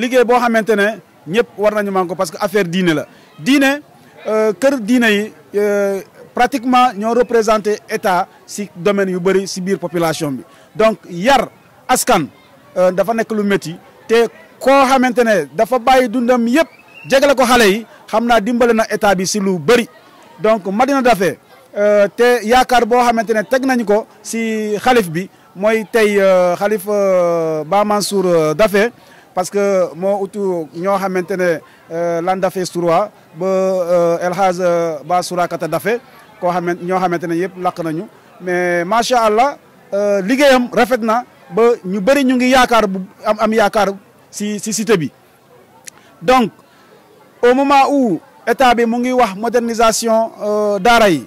liggéey boo xamante ne ñëpp war nañu man ko parce que affaire diine la diine euh, kër diine yi euh, pratiquement ñoo représenté état si domaine yu bëri si biir population bi donc yar askan euh, dafa nekk lu métti te koo xamante ne dafa bàyyi dundam yëpp jegale ko xale yi xam naa dimbale na état bi si lu bëri donc Madina Daffé te yaakaar boo xamante ne teg nañu ko si xalif bi mooy tey xalif Ba Mansour Daffé parce que moo utu ñoo xamante ne lan dafe surwa ba euh, El Hadj euh, ba surakata dafe koo xamante ñoo xamante ne yëpp lakk nañu mais macha allah euh, liggéeyam rafet na ba ñu bëri ñu ngi yaakaar bu am am yaakaar si si cité bi donc au moment où état bi mu ngi wax modernisation daara yi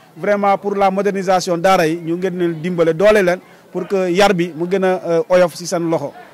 vraiment pour la modernisation daara yi ñu ngeen leen dimbale doole leen pour que yar bi mu gën euh, oyof si seen loxo.